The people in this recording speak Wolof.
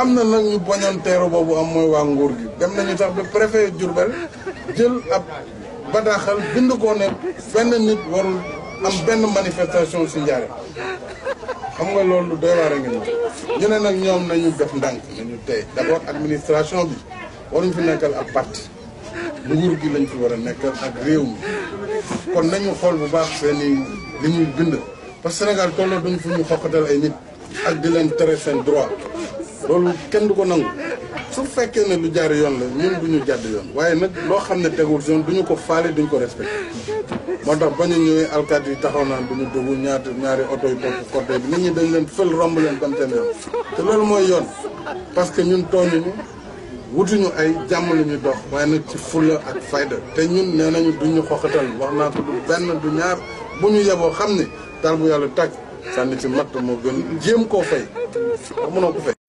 am na nag ñu bañoon boobu am mooy waa nguur gi dem nañu sax ba préfet Diourbel jël ab bataaxal bind ko ne benn nit warul am benn manifestation si njaare xam nga loolu doy waar a ngi ñu ne nag ñoom nañu def ndànk nañu tey d'abord administration bi waruñ fi nekkal ak parti nguur gi lañ fi war a nekkal ak réew mi kon nañu xool bu baax seeni li ñuy bind parce que Sénégal tolloo duñ fu ñu xoqatal ay nit ak di leen tere seen droit loolu kenn du ko nangu su fekkee ne lu jaar yoon la ñun du ñu jàdd yoon waaye nag loo xam ne tegul yoon du ñu ko faale duñ ko respecté moo tax ba ñu ñëwee alkaat yi taxaw naa du ñu dugg ñaata ñaari oto yu topp côté bi nit ñi dañ leen fël romb leen dem seen yoon te loolu mooy yoon parce que ñun tooñuñu wutuñu ay jàmm la ñu dox waaye nag ci fulla ak fayda te ñun nee nañu du ñu xoxatal wax naa ko du benn du ñaar bu ñu yeboo xam ne daal bu yàlla tàgg sànni ci matt moo gën jéem koo fay mënoo ko